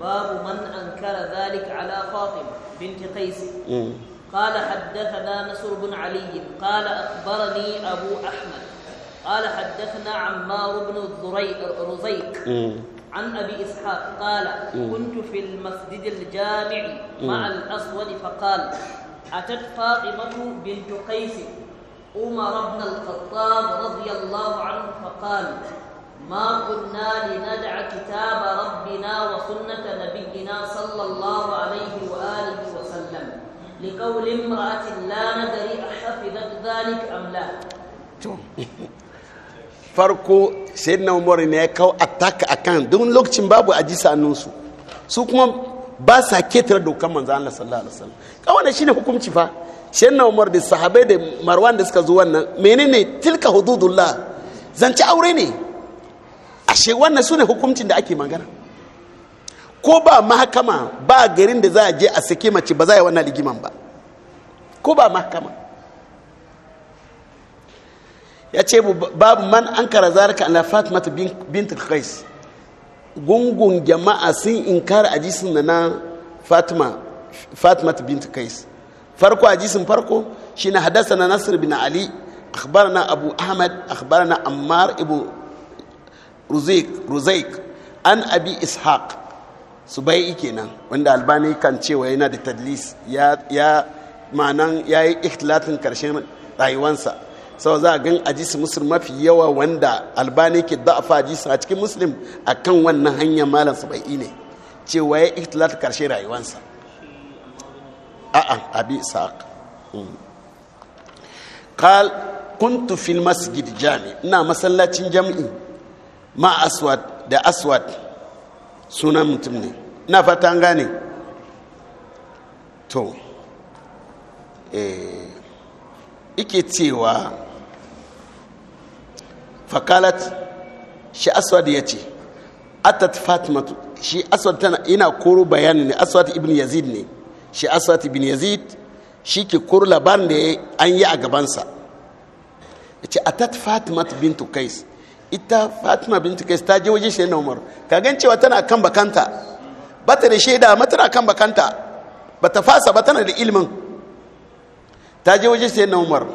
babu man ankara zalik ala fatim binti qais قال حدثنا نصر بن علي قال أخبرني أبو أحمد قال حدثنا عمار بن الرزيق عن أبي إسحاق قال كنت في المسجد الجامع مع الأسود فقال أتت فاطمة بنت قيس عمر بن الخطاب رضي الله عنه فقال ما كنا لندع كتاب ربنا وسنة نبينا صلى الله عليه وآله وسلم لقول امرأة لا ندري أحفظت ذلك أم لا farko sayyidina umar ne ya kawo attack akan don lokacin babu a jisa su su kuma ba sa ketare dokan manzo Allah sallallahu alaihi wasallam kawai shine hukunci fa shenna umar da sahabai da marwan da suka zo wannan menene tilka hududullah zance aure ne ashe wannan su ne hukuncin da ake magana ko ba mahakama ba garin da za a je a sake mace ba za a yi wannan ligiman ba ko ba mahakama ya ce babu man an kara zaraka ala fatimata bint qais gungun jama'a sun inkara ajisin na fatima fatimata bint qais farko a jisin farko shine na nasir bin ali na abu ahmad na ammar ibu ruzaik an abi ishaq subai'i kenan wanda albani kan cewa yana da tadlis ya ya ya yi ikhtilatin karshen rayuwansa sau za a gan ajisi musulun mafi yawa wanda albani ke da'afa ajisi a cikin musulun akan wannan hanyar malam subai'i ne cewa ya ikhtilatin karshen rayuwansa a'a abi saq qal kuntu fil masjid jami ina masallacin jam'i ma aswad da aswad sunan mutum ne ina fata an gane to eh ike cewa fakalat shi aswad ya ce atat fatima shi aswad tana ina koro bayani ne aswad ibn yazid ne shi asati bin yazid shi ke kurla ban da an yi a gabansa ya ce a tat fatima bin tukais ita fatima bin tukais ta je waje shi umar ka gan cewa tana kan bakanta ba ta da shaida ma tana kan bakanta ba ta fasa ba tana da ilimin ta je waje shi na umar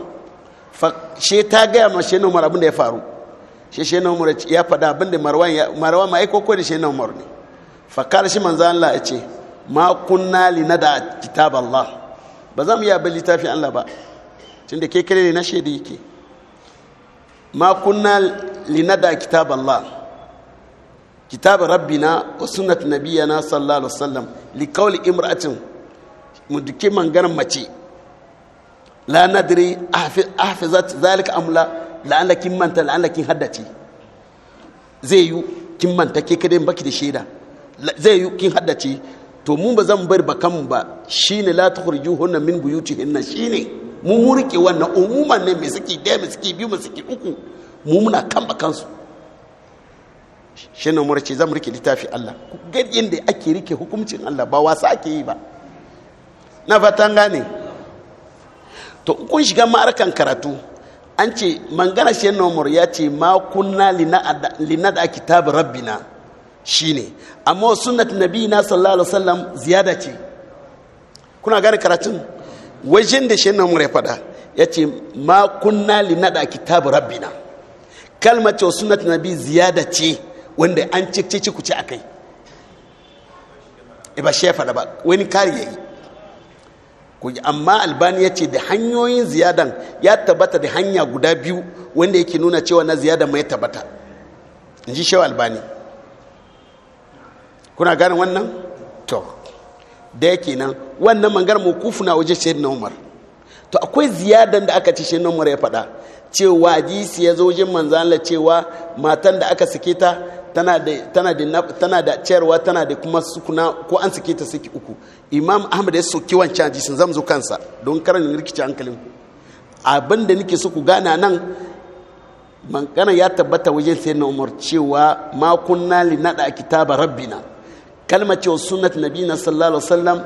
she ta gaya ma shi na umar abin da ya faru shi shi na umar ya faɗa abin da marwan ma aiko ko da shi na umar ne fakar shi manzan Allah ya ce ma kunna linada kitab Allah ba za mu yi abin littafin Allah ba tunda ke kare ne na shaida yake ma kunna linada kitab Allah kitab rabbina wa sunnat nabiyana sallallahu alaihi wasallam li qawli imra'atin mudki mangaran mace la nadri ahfizat zalika amla kin manta kin haddace zai yi kin manta ke kadai baki da shaida zai yi kin haddace to mun ba zan bar bakan ba shine la hunna min buyutihinna shine mu murke wannan umuman ne mai suke daya mai suke biyu mai saki uku mu muna kan bakan su shine murci zan rike littafi Allah ga yanda ake rike hukuncin Allah ba wasa ake yi ba na fatan gane to kun shiga ma'arkan karatu an ce mangana shi nomor ya ce ma kunna lina da kitab rabbina shine amma sunnat nabi na sallallahu alaihi wasallam ziyada ce kuna gane karatun wajen da shi nan mure fada ya ce ma kunna li nada kitabu rabbina kalmar ce sunnat nabi ziyada ce wanda an cikce ku ce akai eh, ba shefa da ba wani kari yayi ku amma albani ya ce da hanyoyin ziyadan ya tabbata da hanya guda biyu wanda yake nuna cewa na ziyadan mai tabbata in ji shewa albani kuna gane wannan to da yake nan wannan mangar mukufu na waje shaid na umar to akwai ziyadan da aka ci shaid na umar ya faɗa cewa jisi ya zo wajen manzala cewa matan da aka sike ta tana da tana tana da ciyarwa tana da kuma sukuna ko an sike ta saki uku imam ahmad ya soki wancan hadisin zamzo kansa don karan rikici hankalin abin da nake so ku gana nan mankana ya tabbata wajen na umar cewa ma kunna li nada kitaba rabbina kalmar cewa sunat nabi na sallallahu alaihi wasallam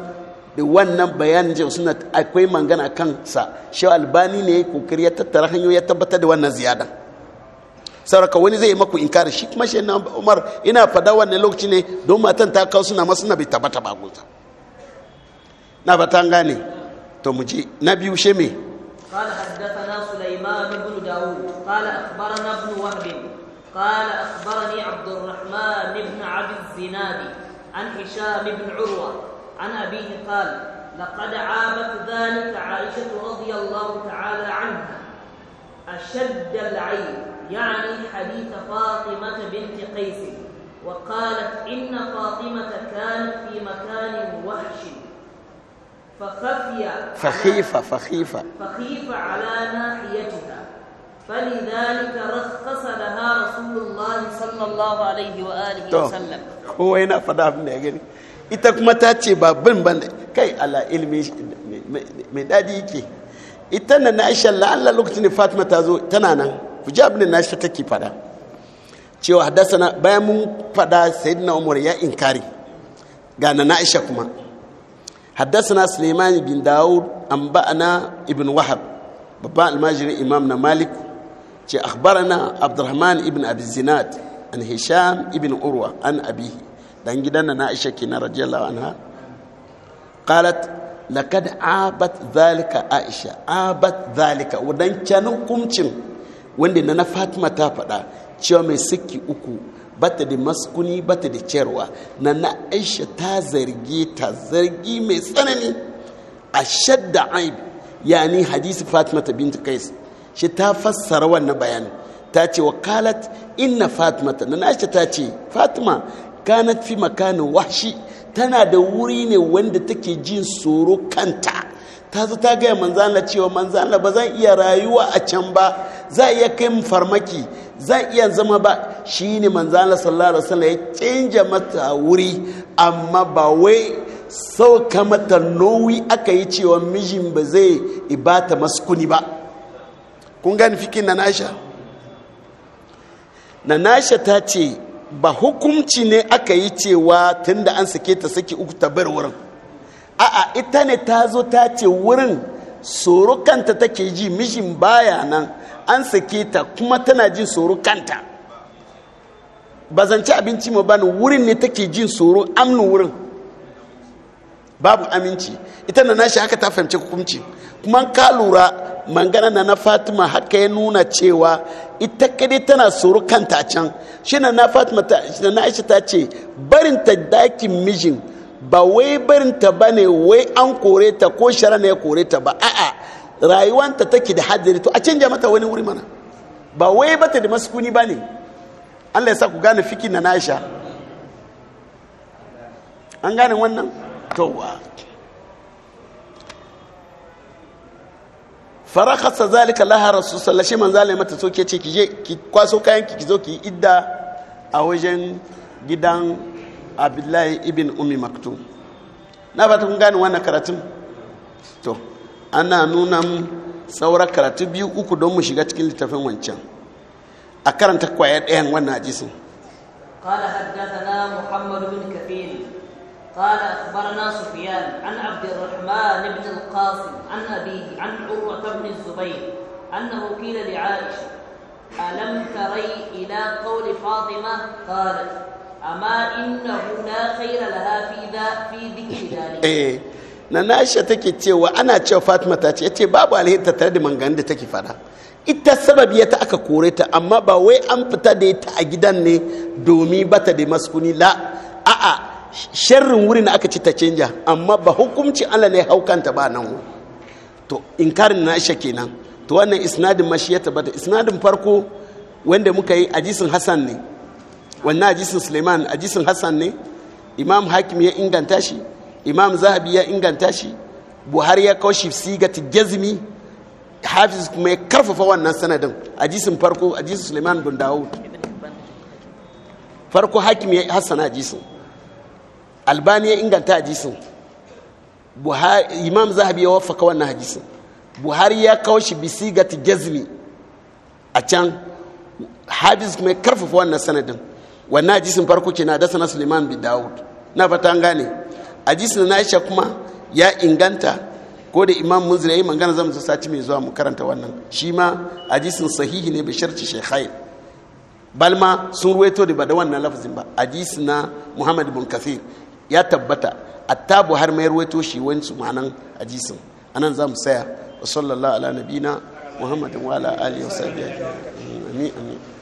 da wannan bayanin cewa sunat akwai mangana kansa shehu albani ne kokari ya tattara hanyoyi ya tabbatar da wannan ziyada sauraka wani zai maku inkari shi kuma shi umar ina fada wannan lokaci ne don matan ta kawo suna masu nabi bai tabbata ba gusa na fata gane to mu ji na biyu shi me قال حدثنا سليمان بن داود قال أخبرنا ابن وهب قال أخبرني عبد الرحمن بن عبد الزنادي عن هشام بن عروة عن أبيه قال لقد عابت ذلك عائشة رضي الله تعالى عنها أشد العين يعني حديث فاطمة بنت قيس وقالت إن فاطمة كانت في مكان وحش فخفي فخيفة فخيفة فخيفة على ناحيتها فلذلك رخص لها رسول الله صلى الله عليه وآله وسلم هو هنا فدا abin da ya gani ita kuma ta ce ba bin ban kai ala ilmi mai dadi yake ita na Aisha la'alla lokacin da Fatima ta zo tana nan hijab ne take fada cewa haddasa bayan mun fada sayyidina Umar ya inkari ga na Aisha kuma haddasa Suleiman bin Dawud an ba'ana ibn Wahab babban almajirin imam na Malik ce akhbarana abdurrahman ibn abi zinad an hisham ibn urwa an abihi dan gidan na aisha kina radiyallahu anha qalat laqad abat zalika aisha abat zalika wadancan hukuncin wanda na fatima ta faɗa cewa mai siki uku bata da maskuni bata da cerwa na aisha ta zargi ta zargi mai tsanani a shadda aib yani hadisi fatima ta bintu kais shi ta fassara wannan bayanin ta ce wa kalat inna fatima ta na ta ce fatima kanat fi makanin washi tana da wuri ne wanda take jin tsoro kanta ta zo ta gaya manzana cewa manzana ba zan iya rayuwa a can ba za iya kai farmaki za iya zama ba shi ne manzana sallallahu alaihi ya canja mata wuri amma ba wai sauka mata nauyi aka yi cewa mijin ba zai ibata maskuni ba kun gani fikin na nasha na nasha ta ce ba hukumci ne aka yi cewa tunda an sake ta saki uku ta bar wurin a'a ita ne ta zo ta ce wurin sorokanta take ji mishin baya nan an sake ta kuma tana jin sorokanta ba zance abinci ma bani wurin ne take jin tsoro amnu wurin babu aminci ita na nashi haka ta fahimci hukunci kuma ka lura mangana na na fatima haka ya nuna cewa ita kadai tana tsoro kanta a can shi na na fatima ta shi na aisha ta ce barinta dakin mijin ba wai barinta ba ne wai an kore ta ko shara ne ya kore ta ba a'a rayuwanta take da hadari to a canja mata wani wuri mana ba wai bata da maskuni ba ne allah ya sa ku gane fikin na na aisha an gane wannan to farakasa zalika laha rasul sallallahu alaihi wasallam mata ke ce ki je ki kwaso kayan ki zo ki idda a wajen gidan abdullahi ibn Umi maktum na ba ta kun gane wannan karatun to ana nuna saura karatu biyu uku don mu shiga cikin littafin wancan a karanta kwaya ɗayan wannan hadisin قال حدثنا محمد بن كثير قال أخبرنا سفيان عن عبد الرحمن بن القاسم عن أبيه عن عروة بن الزبير أنه قيل لعائشة ألم تري إلى قول فاطمة قالت أما إنه لا خير لها في في ذكر ذلك na na Aisha take cewa ana cewa Fatima ta ce yace babu alheri tare da mangan da take fada ita sababi ta aka kore ta amma ba wai an fita da ita a gidan ne domin bata da maskuni la a'a sharrin wurin aka ci ta canja amma ba hukumci Allah ne haukanta ba nan to inkarin na isha kenan to wannan isnadin mashi ya tabbata isnadin farko wanda muka yi ajisin Hassan ne wannan ajisin Suleiman ajisin Hassan ne Imam Hakim ya inganta shi Imam Zahabi ya inganta shi Buhari ya kawo shi sigati jazmi Hafiz kuma ya karfafa wannan sanadin ajisin farko ajisin Suleiman bin Dawud farko Hakim ya Hassan ajisin albani ya inganta hadisin imam zahabi ya wafaka wannan hadisin buhari ya kawo shi ga jazmi a can hadis mai karfafa wannan sanadin wannan hadisin farko ke na dasa na suleiman bin dawud na fata gane hadisin na aisha kuma ya inganta ko da imam munzir yayi magana zamu zo sati mai zuwa mu karanta wannan shi ma hadisin sahihi ne bi sharti shaykhain balma sun ruwaito da ba da wannan lafazin ba hadisi na muhammad ibn kathir ya tabbata attabu har mai ruwaito shi wani su ma'anan hadisin anan za mu saya wa sallallahu ala nabina muhammadin wa ala alihi wa sahbihi amin amin